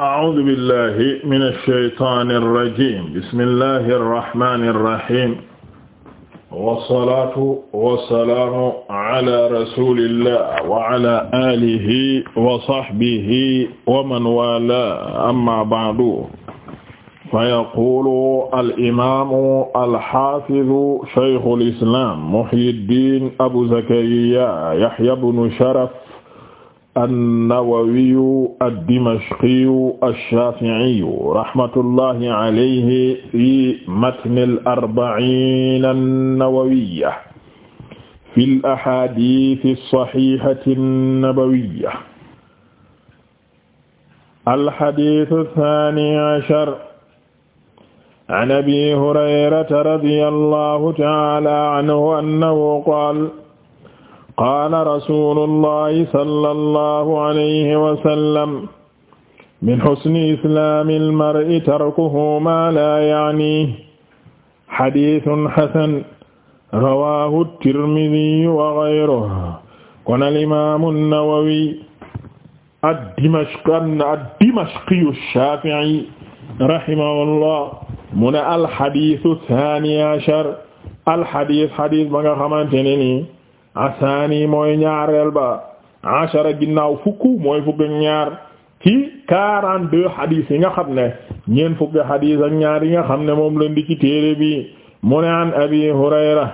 أعوذ بالله من الشيطان الرجيم بسم الله الرحمن الرحيم والصلاة والسلام على رسول الله وعلى آله وصحبه ومن والاه أما بعد فيقول الإمام الحافظ شيخ الإسلام محي الدين أبو زكريا يحيى بن شرف annawawiyu addimashqiyu alshafiiyu rahmatullahi alayhi fi matni alarbaina annawawiya fi lahaditi alsaxihati annabawiya alxadisu althani ashar an abi hurayrata radiya allahu taala anhu annahu qaala qaala rasulullahi sallallahu alayhi wa sallam min husni islaamil mar'i tarkuhu maa laa ya'niihi hadiisun hasan rawaahu at-Tirmidhi wa ghayruhu kon al-imaam an-Nawawi ad-Dimashqan ad-Dimashqi ash-Shaafi'i rahimahullah mu ne al-hadiisu ath-thaani ashar al-hadiis hadiis ba nga xamante ne nii asaani mooy ñaareel ba ashara ginnaaw fukk mooy fukk ñaar ci quarante deux xadiis yi nga xam ne ñeent fukki xadiis ak ñaar yi nga xam ne moom lañ di téere bi mu ne an abi hurayra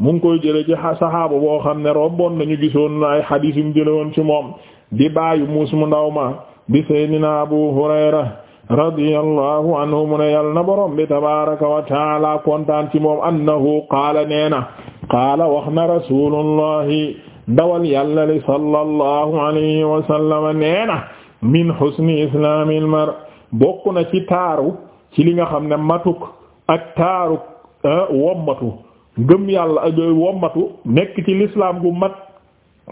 mu ngi koy jële ci saxaaba boo xam ne romboon nañu gisoon ay xadiis yu mu jële woon ci moom di baayu muus mu ndaw ma di seydina abu hurayra radiyallahu anhu mu ne yàlla na borom bi tabaaraka wa taala kontaan ci moom annahu qaala na qaala wax na rasulullahi dawal yàlla li sallallahu alayhi wa sallam nee na min husni islaamil mar bokk na ci taaru ci li nga xam ne matuk ak taaru ah, wommatu gëm yàlla ak wommatu nekk ci lislaam gu mat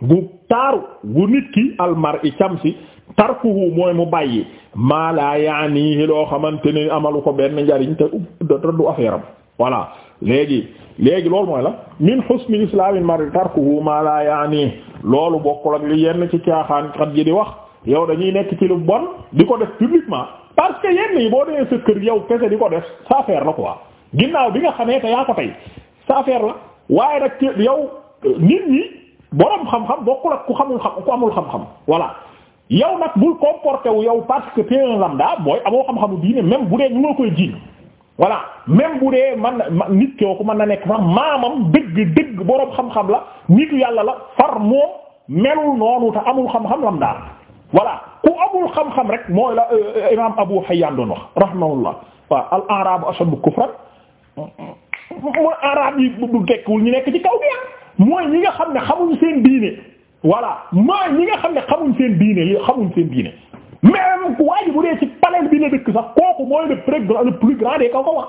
gu taaru gu nit ki almar i cam si tarkuhu mooy mu bàyyi maa laa yaanihi loo xamante ne amalu ko benn njariñ te du affaire am voilà léegi léegi loolu mooy la min husni islaamil mar'i tarkuhu ma la yaani loolu bokkul ak li yenn ci caaxaan kat ji di wax yow dañuy nekk ci lu bon di ko def publiquement parce que yenn yi boo dee sa kër yow kese di ko def sa affaire ko quoi ginnaaw bi nga xamee te yaa ko tey sa affaire la waaye nag yow nit ñi borom xam-xam bokkul ak ku xamul xam ku amul xam-xam voilà. yow nag bul comporté wu yow parce que t'es un lambda mooy amoo xam-xamu diine même bu dee ñu koy jiin voilà même bu dee man nit kooku mën na nekk sax maamam dëgg dëgg boroom xam-xam la nit yàlla la far moom melul noonu te amul xam-xam lam daal voilà ku amul xam-xam rek mooy la euh, euh, imam Abu Hayyan doon wax rahimahullah waaw al arabu ashaddu kufran mooy arab yi du tekkiwul ñu nekk ci kaw bi ah. mooy ñi nga xam ne xamuñ seen diine voilà mooy ñi nga xam ne xamuñ seen diine xamuñ seen diine mais waa bu dee ci palais bi la dëkk sax kooku mooy le plus grand le plus grand des kaw ko wax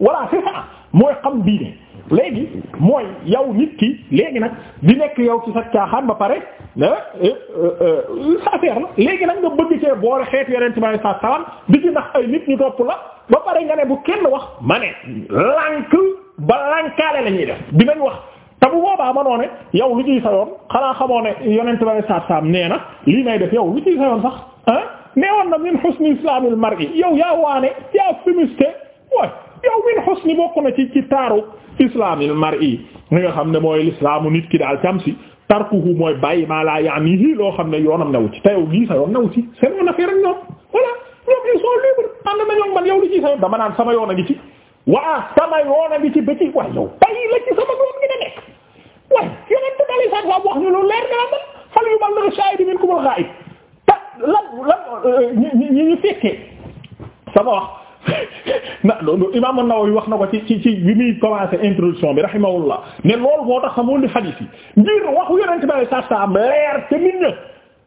voilà c'est ça mooy xam diine léegi mooy yow nit ki léegi nag di nekk yow ci sa caaxaan ba pare sa eh, eh, eh, affaire léegi nag nga bëgg cee boole xeetu yeneen ci may sa sawan di ci ndax ay nit ñu topp la ba pare nga ne bu kenn wax ma ne lànk ba lànkaale la ñuy def dinañ wax te bu boobaa ma noo ne yow lu ciy sa xanaa xamoo ne yonent ba ne saab saab nee na lii may def yow lu ciy sa ah neewoon na min husni islamil mar'i yow yaa waane yaa fumiste waay yow min husni bokk na ci ci taaru islamil mar'i li xam ne mooy islaamu nit ki daal cam si tarkuhu mooy bàyyi maa laa yaanihi loo xam ne yoonam new ci te yow lii sa yoon new ci seen mon affaire na ñoom li ci sa yoon sama yoon a ngi ci waa sama yoon a ngi ci bëccëg waay la ci sama yoon gi ne nekk waay yonent bi alei satu wax ñu leer na man fal yuballigh shahid minkum al lan lan ñi ñi ñu fekkee sama wax na Imaam wax na ko ci ci ci bi muy commencé introduction bi rahimahullah ne loolu moo tax xamul li xadiis yi ngir waxu yonent bi saa saa leer te nit ña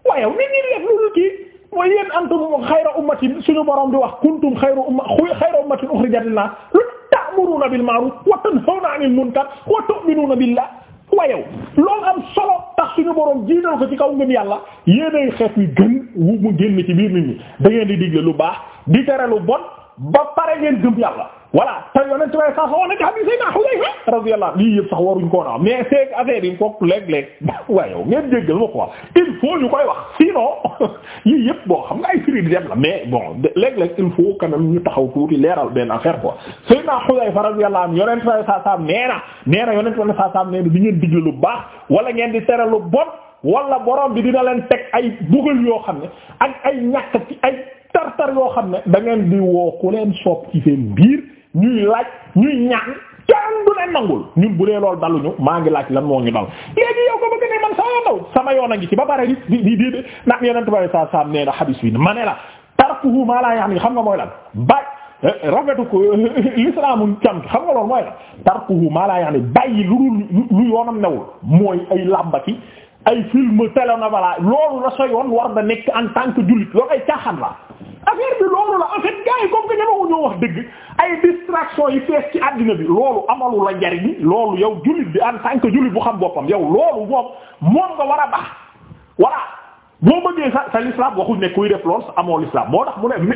waaye nit ñi def lu dul kii mooy yéen antum xayra ummatin suñu borom di wax kuntum xayra umma xayra ummatin uxrijat lin-naas ta'muruna bil ma'ruf wa tanhawna 'anil munkar wa wayow loolu am solo tax suñu borom jiital ko ci kaw ngëm yàlla yéenay xeet wi gën wu mu génn ci biir nit ñi da ngeen di digle lu baax di tere lu bon ba pare ngeen gëm yàlla voilà te yonent way sax woon na ci hadith Sayyidina Hudayfa radiyallahu lii yëpp sax waruñ koo woon mais c'est affaire yi ko léeg-léeg waayow ngeen jéggal ma quoi faut ñu koy wax sinon yii yëpp boo xam nga ay firi di dem la mais bon léeg-léeg il faut quand même ñu taxaw tuuti leeral benn affaire quoi Seydina Xudayfa radiyallahu anhu yonent fa saa saam nee na nee na yonent fa saa saam nee na di ngeen digle lu baax wala ngeen di tere lu bon wala borom bi dina leen teg ay bugal yoo xam ne ak ay ñàkk ak ay tartar yoo xam ne da ngeen di woo ku leen soob ci seen biir ñuy laaj ñuy ñaan. kenn du leen nangul ñun bu dee loolu daluñu maa ngi laaj lan moo ngi dal léegi yow ko bëgg ne man sama yoon daw sama yoon a ngi ci ba pare di di di naan yonent bi saa saam nee na xadis bi ma ne la tarkuhu maa laa ya'ni xam nga mooy la ba eh, ko eh, eh, lislaamu cam xam nga loolu mooy lan tarkuhu maa laa ya'ni bàyyi lu dul lu yoonam newul mooy ay làmbati ay film télénovela loolu la sa yoon war da nekk en tant jullit loolu ay caaxaan la affaire bi loolu la en fait gars yi comme que ñama wax dëgg ay distraction yi fees ci àddina bi loolu amalu la njariñ loolu yow jullit bi en tant que jullit bu xam boppam yow loolu moom moom nga war a baax voilà boo bëggee sa sa l'islam waxuñ nekk kuy def lool sa amoo l'islam moo tax mu ne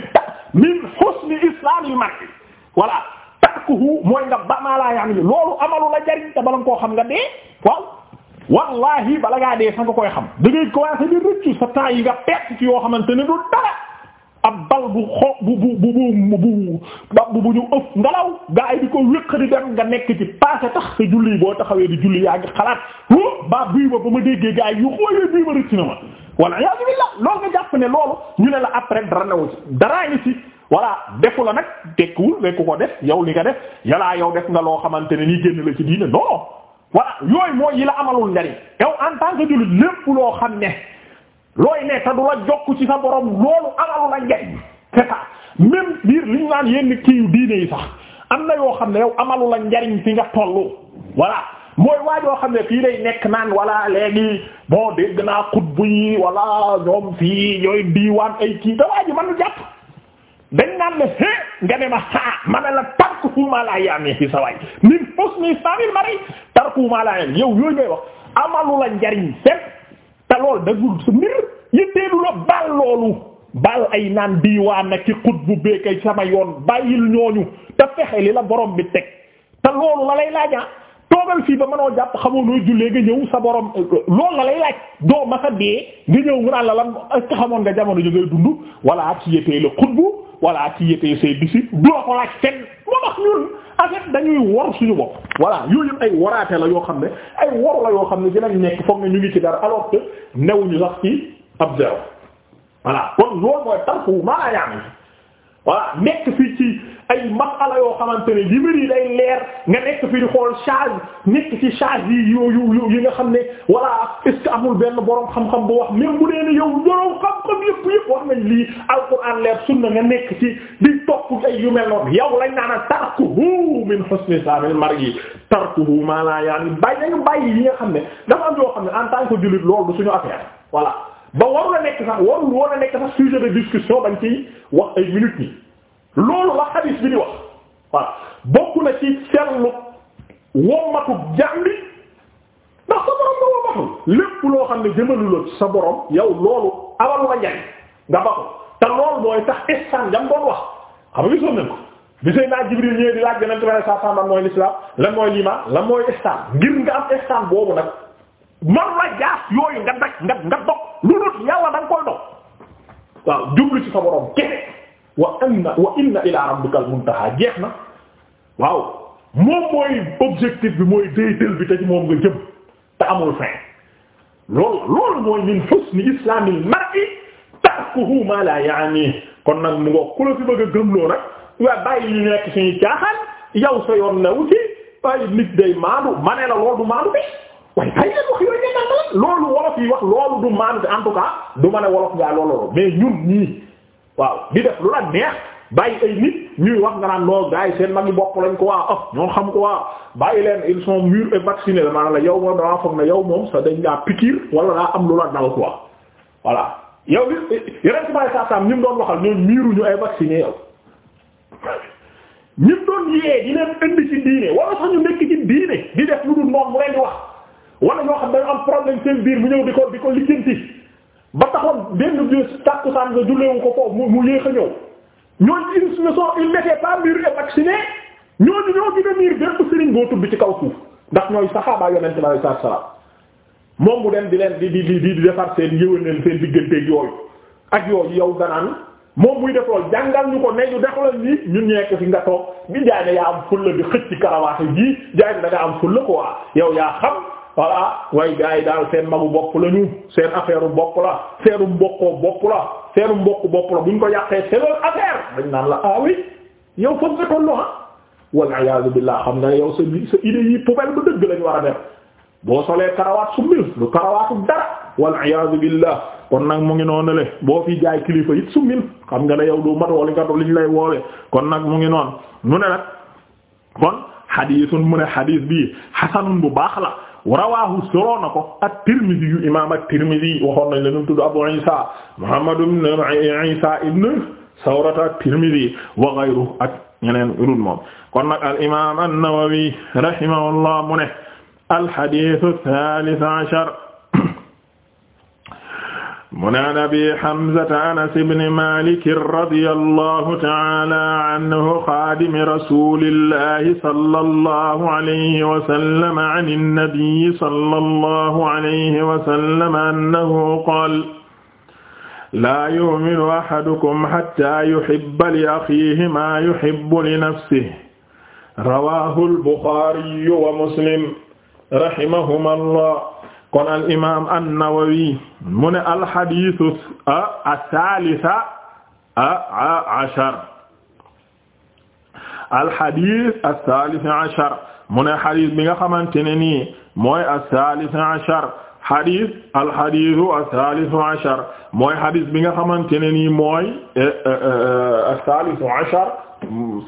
min husni islamil mar'i voilà tarkuhu mooy nga ba maa laa yaam ni loolu amalu la njariñ te bala nga koo xam nga dee waaw wallahi bala ngaa dee sax nga koy xam da ngay commencé yi nga ci yoo xamante ne du ab bal bu xo bu bu bu bu bu bu ñu ëf ngelaw gaa yi di ko wéq di dem nga nekk ci passé tax sa julli boo taxawee di julli yaa ngi xalaat oh ba bii ba ba ma déggee gaa yi yu xoolee bii ma rëcc na ne loolu ñu ne la après newu ci ngi ci voilà defu la nag tekkiwul rekk ko def yow li nga yalaa yow def nga loo xamante ne nii génn la ci diine non voilà yooyu mooy yi la amalul en tant que jullit lépp loo xam ne. looy ne te du la jokk ci sa borom loolu amalu la njariñ c'est ça même biir li naan yenn kii diine yi sax am na yoo xam ne yow amalu la njariñ fi nga tollu voilà mooy waa yoo xam ne fii lay nekk naan wala léegi bon dégg naa xutbu yi wala ñoom fii ñooy diiwaan ay kii da waa ji mënu ne hé nga ne ma a ah, ma ne la tarku ma la yaami ci sa waay min husni islamil mari tarku ma la yaami yow yooyu ngay wax amalu la njariñ seen te loolu dagul sa mbir yitteelu la baal loolu baal ay naan diiwaan na ci xut bu beekay sama yoon bàyyil ñooñu te fexe li la borom bi teg te loolu la lay laajaa toogal fii ba mënoo jàpp xamoo nooy jullee nga ñëw sa borom euh, euh, loolu la lay laaj doo sa dee nga ñëw mu naan la lan est-ce que xamoon nga jamono ji ngay dund wala ci yétee la xutbu wala ci yétee say bisi du la ko laaj kenn moo tax ñun en fait dañuy wor suñu bopp voilà yooyu ay waraate la yoo xam ne ay la yoo xam ne dinañ nekk foog ci dara alors newuñu sax ci ab zéro voilà kon loolu mooy tarku maa yaa ngi nekk fii ci ay masala yoo xamante ne li mbir yi day leer nga nekk fii di xool charge nekk ci charge yi yooyu yi nga xam ne voilà est ce que amul benn borom xam-xam bu wax même bu yow boroom xam xam-xam yëpp yëpp wax nañ lii alquran leer sunna nga nekk ci di topp ay yu mel noonu yow lañ naan tarkuhu min husni saamil mar'i tarkuhu ma la yaani bàyyi nañu bàyyi yi nga xam ne dafa am yoo xam ne en tant que jullit loolu du suñu affaire voilà ba waru nekk sax warul woon a nekk sax sujet de discussion bañ ciy wax ay minutes ni loolu la hadith bi di wax voilà bokk na ci seetlu wommatu jàmbi ndax sa borom nga ba baxul lépp loo xam ne jëmalu la sa borom yow loolu amal la njariñ nga baxul te loolu mooy tax instant jam doon wax xam nga gisoon nga la jaas yooyu nga daj nga nga dog lu dul yàlla da nga koy dog waaw jublu ci sa borom kene wa anna wa inna ila rabbikal muntaha jeex na waaw moom mooy objectif bi mooy déytal bi te ci moom nga jëm te amul fin loolu loolu mooy min husni islamil mar'i tarkuhu ma la yaani kon nag mu ngo ku la fi bëgg a gëmloo nag waaye bàyyi li nekk suñu caaxaan yow sa yoon new ci waaye nit day maandu ma ne loolu du maandu bi waaye bàyyi leen wax yooyu ngeen naan loolu wolof yi wax loolu du maandu en tout cas du ma ne wolof ngaa loolu mais ñun ñii waaw di def lu la neex. bàyyi ay nit ñuy wax nga naan noo gars yi seen mag yi bopp lañ ko waa ah ñoo xam ko waa bàyyi leen ils sont mûrs et vaccinés la maanaam la yow moom damaa foog ne yow moom sa dañ laa piqûre wala daa am lu la dal quoi voilà yow li yeneen ci doon waxal ñoom miiruñu ay vacciné yow ñi mu di leen di def lu dul moom mu ñoo xam dañu am problème seen biir mu ñëw di ko di ko lijjanti ba taxoon benn bi tàkkusaan nga julleewu ko foofu mu yéex a ñëw. ñooñu ils ne sont ils n'étaient pas mûrs et vaccinés ñooñu ñoo gën a miir bépp sëriñ boo tudd ci kaw suuf ndax ñooy saxaaba yonent bi sallallahu alayhi wasallam moom mu di leen di di di di defar seen yëwéneen seen digganteeg yooyu ak yooyu yow danaan moom muy def lool jàngal ñu ko ne ñu defalal nii ñun ñekk fi nga toog bi jaay ne yaa am fulla di xëcc ci karawaate jii jaay ne da am fulla quoi yow yaa xam voilà waaye gars yi daal seen magu bopp lañu seen affaire bopp la seeru mbokkoo bopp la affaire mbokk bokku la bu buñ ko yàqee c'est leur affaire dañ naan la ah oui yow foog nga tollu ha wal iyaazu billaah xam nga yow sa sa idée yi poubelle bu dëgg lañ war a def boo solee karawaat su mil lu karawaatu dara wal iyaazu billaah kon nag mu ngi noonu le boo fi jaay kilifa it su mil xam nga ne yow du mat wala nga do liñ lay woowe kon nag mu ngi noonu mu ne nag kon xadiisun mu ne xadiis bii bu baax la rawaahu solo na ko at-Tirmidhi yu imaam at-Tirmidhi waxoon nañ la ñu tudd Abu Isa Muhammad ibn Isa ibn Sawrata at-Tirmidhi wa ghayruhu ak ñeneen irul moom kon nag al imaam an-Nawawi rahimahullah mu ne al-hadith ath-thalith ashar mu ne an abi hamzata anas ibni maliki radi allahu taala anhu xaadimi rasulillahi sala allahu alayhi wasallam an annabiyi sala allahu alayhi wasallam annahu qaal laa yuminu ahadukum xatta yuhibba li axiihi maa yuhibbu li nafsihi rawaahu albuxaariyu wa muslim rahimahuma allah kon al imaam an-Nawawi mu ne alxadiisu as-saalisa ashar alxadiis as-saalisa ashar mu ne xadiis bi nga xamante ne nii mooy as-saalisa ashar xadiis alxadiisu as-saalisu ashar mooy xadiis bi nga xamante ne nii mooy e, e, e, as-saalisu ashar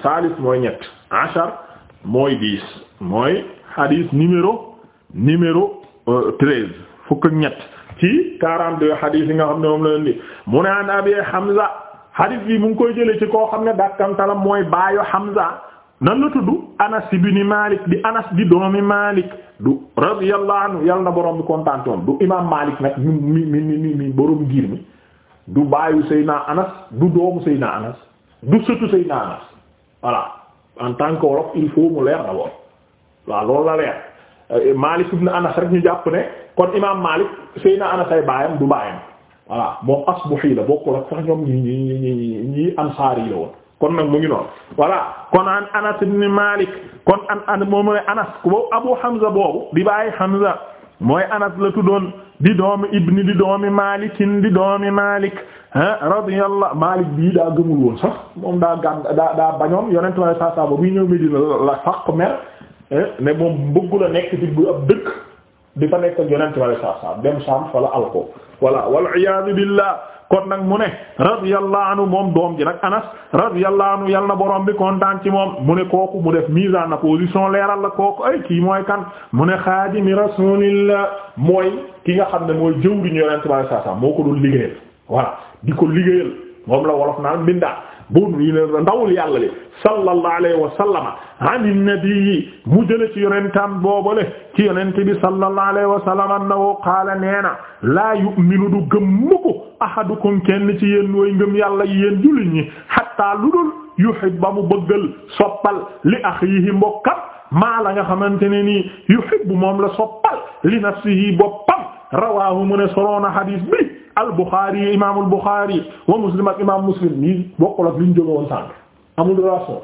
saalis mooy ñett ashar mooy dix mooy xadiis numéro numéro. treize fukk ak ñett ci quarante-deux hadith yi nga xam ne moom la leen di mu ne an abi Hamza hadith bi mu ngi koy jëlee ci koo xam ne dakkantalam mooy baayu Hamza nan la tudd Anas ni Malik di Anas di doomi Malik du radiyallahu anhu yàlla na borom bi kontaantoon du imam Malik nag mi mi mi mi mi borom mi du baayu Seyna Anas du doomu Seyna Anas du sëtu Seyna Anas voilà en tant que wolof il faut mu leer d'abord waaw loolu la leer. Euh, Malik ibn Anas rek ñu jàpp ne kon imaam Malik Seyna Anas ay baayam du baayam voilà moom asbuhi la bokkul ak sax ñoom ñi ñi ñi ñi ansaar yi la woon kon nag mu ngi noonu voilà kon an Anas ibn Malik kon an an moom la Anas ku boobu Abu Hamza boobu di bàyyi Hamza mooy Anas la tuddoon di doomi ibni di doomi Malikin di doomi Malik ah radiyallahu Malik bii daa gëmul woon sax moom daa gàn daa daa bañoon yonentu Yàlla saa saa ba muy ñëw Medina la faq mer. ne moom bëggu la nekk ci bu ab dëkk di fa nekk ak yonent wala saa saa dem saam wala alko wala wal iyaadu billah kon nag mu ne radiyallahu anhu moom doom ji nag Anas radiyallahu anhu yal na borom bi kontaan ci moom mu ne kooku mu def mise en position leeral la kooku ay kii mooy kan mu ne xaadimi rasulillah mooy ki nga xam ne mooy jëwriñu yonent wala saa saa moo ko doon liggéeyal voilà di ko liggéeyal moom la wolof naan mbindaa boobu yi ne ndawul yàlla li sallallahu alayhi wa sallama ani nabii mu jële ci yonentam boobale ci yonent bi sallallahu alayhi wa sallam annahu qaala nee na laa yu'minu du gëm ahadukum kenn ci yéen way ngëm yàlla yi yéen jullit ñi hatta lu dul soppal li axiihi mbokkam maa la nga xamante ne nii yuhibbu moom la soppal li nafsihi boppam rawaahu mu ne soroona xadiis bi al Bukhari imaamul Bukhari wa muslim ak imaam muslim nii bokkul ak liñ jóge woon sànq amul relation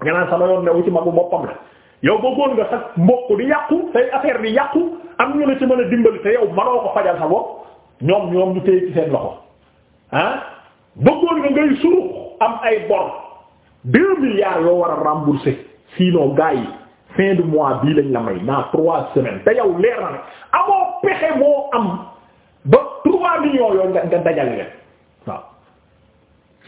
nga naan sama yoon newu ci magu boppam la yow bëggoon nga sax mbokk di yàqu say affaire di yàqu am ñu la ci mën a dimbali te yow manoo ko fajal sa bopp ñoom ñoom ñu téye ci seen loxo ah bëggoon nga ngay surux am ay bor deux milliards yoo war a rembourser sinon gars yi. fin du mois bii lañ la may naa trois semaines te yow leer na ne amoo pexe moo am ba trois millions yooyu nga nga dajal leen waaw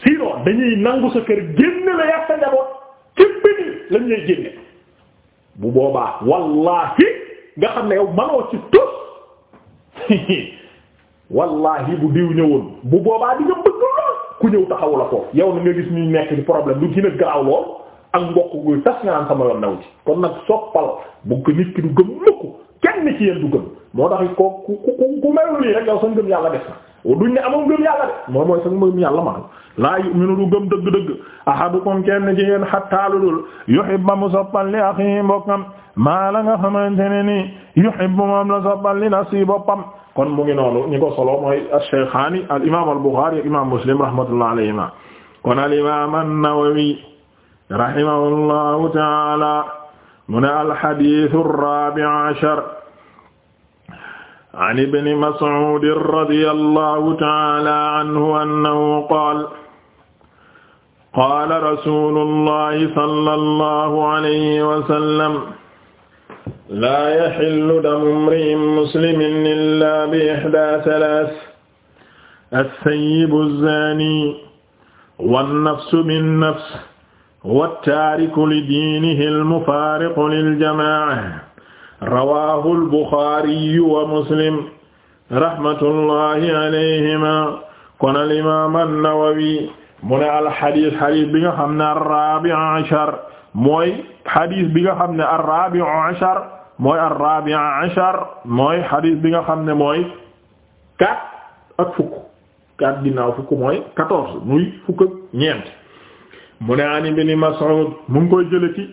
sinon dañuy nangu sa kër génne la yàq sa njaboot ci benn lañ lay génne bu boobaa wallahi nga xam ne yow manoo ci tus wallahi bu diw ñëwoon bu boobaa di nga bëgg lool ku ñëw taxaw la ko yow na nga gis ñuy nekk ci problème lu gën a garaaw lool ak mbokk guy tas nga naan sama yoon naw ci kon nag soppal bu ko nit ki du gëm mukk kenn ci yéen du gëm moo tax ko ku ku ku melul lii rek yow sa ngëm yàlla def na duñ ne amul ngëm yàlla de moom mooy sa ngëm yàlla ma laa yu'minu du gëm dëgg-dëgg ahadukum kenn ci yéen hatta lu dul yuhibba mu soppal li akhi mbokkam maa la nga xamante ne nii yuhibbu moom la soppal li nafsi boppam kon mu ngi noonu ñi ko solo mooy ash-shaykhani al imam al bukhari imam muslim rahmatullah alayhima kon al imam an-nawawi rahimahullahu taala mu ne alxadisu raabi ashar an ibni mas'uudin radiyallahu taala anhu annahu qaala qaala rasuulullahi sallallahu alayhi wa sallam laa yaxillu damu imri'in muslimin illaa bi ihdaa salaas as-sayyibu az-zaani wan-nafsu bin-nafs wattaariku li diinihi almufaariqu liljamaaca rawaahu albuxaariyu wa muslim rahmatullahi alayhima kon alimaam annawawi mu ne alxadis xadis bi nga xam ne arrabiu achar mooy xadis bi nga xam ne arrabiu achar mooy arrabiu achar mooy xadis bi nga xam ne mooy quatre ak fukk quatre ginnaaw fukk mooy quatorze muy fukk ak ñeent mu ne an ibn Mas'ud mu ngi koy jële ci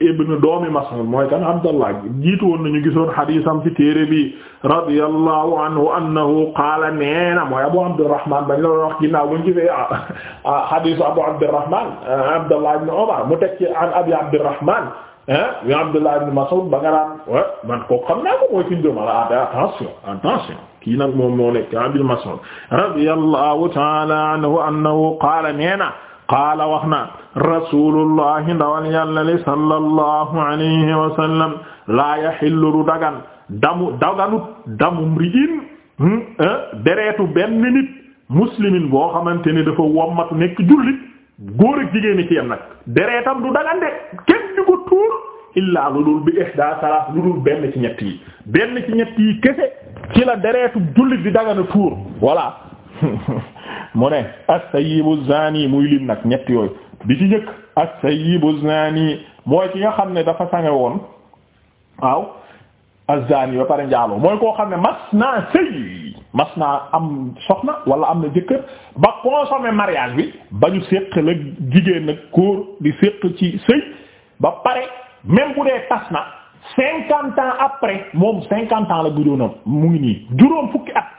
ibn doomi Mas'ud mooy kan Abdallah jiitu woon nañu gisoon xadiisam ci téere bi radiyallahu anhu annahu qaala nee na mooy Abu Abdurrahman bañ la doon wax ginnaaw buñ gisee ah, ah, xadiisu Abu Abdurrahman ah, Abdallah ibn Umar mu teg ci an Abi Abdurrahman ah yu Abdullah ibn Mas'ud ba nga daan man kooku xam naa ko mooy fi mu jëm ah attention attention kii nag moom moo nekk Abdul Mas'ud radiyallahu ta'ala anhu annahu qaala nee na qaala wax na rasulullahi ndawal yàlla li sallallahu alayhi wa sallam laa yaxillu du dagan damu daganut damu mriin hmm, eh, dereetu benn nit muslimin boo xamante ne dafa wommatu nekk jullit góor ak jigéen ñi ci yam nag dereetam du dagan de kenn tuur illaa lu dul bi ihda salaas lu dul benn ci ñett yi benn ci ñett yi kese ci la dereetu jullit di dagana tuur voilà mu ne as-sayyibu zani muy lim nag ñett yooyu bi ci njëkk as-sayyibu zani mooy ki nga xam ne dafa sange woon waaw az-zani ba pare njaaloo mooy koo xam ne mas naa sëy mas naa am soxna wala am na jëkkër ba consommé mariage bi ba ñu séq la jigéen nag góor di séq ci sëy ba pare même bu dee tas na cinquante ans après moom cinquante ans la gudoonam mu ngi nii juróom fukki at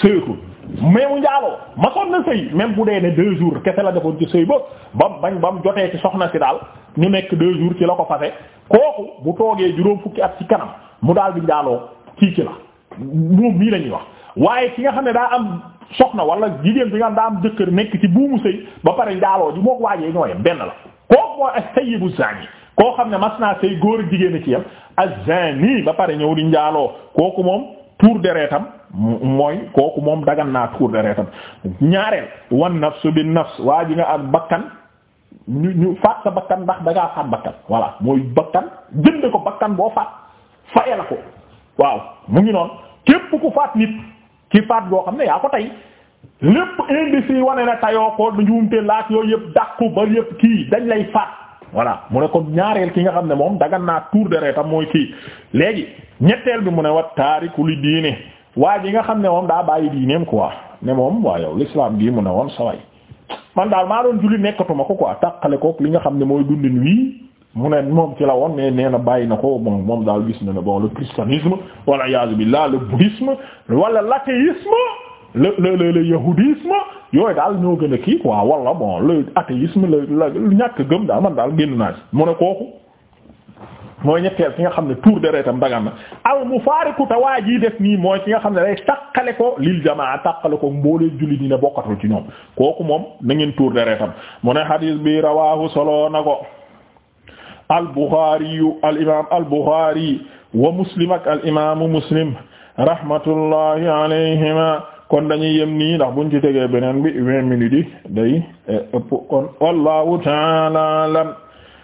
sëyatul mais mu njaaloo masoon na sëy même bu dee ne deux jours kese la defoon ci sëy ba bam bañ bam jotee ci soxna si daal ñu nekk deux jours ci la ko fase kooku bu toogee juróom fukki at ci kanam mu daal di njaaloo kii ci la moom mii la ñuy wax waaye ki nga xam ne daa am soxna wala jigéen bi nga xam daa am jëkkër nekk ci buumu sëy ba pare njaaloo ji moo ko waajee ñoo yem benn la kooku mooy ak sayyibu zani koo xam ne mas naa sëy góor jigéen a ci yem ak zani ba pare ñëw di njaaloo kooku moom pour deretam mooy kooku moom dagan naa tuur deretam ñaareel wan nafsu bin nafs waa ji nga am bakkan ñu ñu faat sa bakkan ndax da ngaa faat bakkan voilà mooy bakkan jënd ko bakkan boo faat faye la ko waaw mu ngi noon képp ku faat nit ki faat boo xam ne yaa ko tey lépp indice yi wane na tayoo ko du njuumte laaj yooyu yëpp dàqu ba yëpp kii dañ lay faat voilà mu ne kon ñaareel ki nga xam ne moom dagan naa tuur deretam mooy kii léegi ñetteel bi mu ne wat taariku waa ji nga xam ne moom daa bàyyi ko quoi ne moom waa yow l'islam bii mu ne woon saway man daal maa doon julli nekkatuma ko quoi tàqale kook li nga xam ne mooy dundin wii mu ne moom ci la woon ne nee na bàyyi na ko bon moom daal gis na ne bon le christianisme wala iyaazu billah le bouddhisme wala l'athéisme le le le le yahudisme yooyu daal ñoo gën a kii quoi wala bon le athéisme la la ñàkk gëm daal man daal génn naa ci mu ne kooku mooy ñetteel ki nga xam ne tour de reetam dagan na al mufaariqu te waa def nii mooy ki nga xam ne day takkale ko lil jamaa takkale ko mboolee julli dina bokkatul ci ñoom kooku moom na ngeen tour de reetam mu ne xadiis bi rawaahu solo ko al buxaari al imaam al buxaari wa muslim ak al imaamu muslim rahmatullahi alayhima kon dañuy yem nii ndax buñ ci tegee beneen bi vingt minutes yi day eh, ëpp kon wallahu ta'ala alam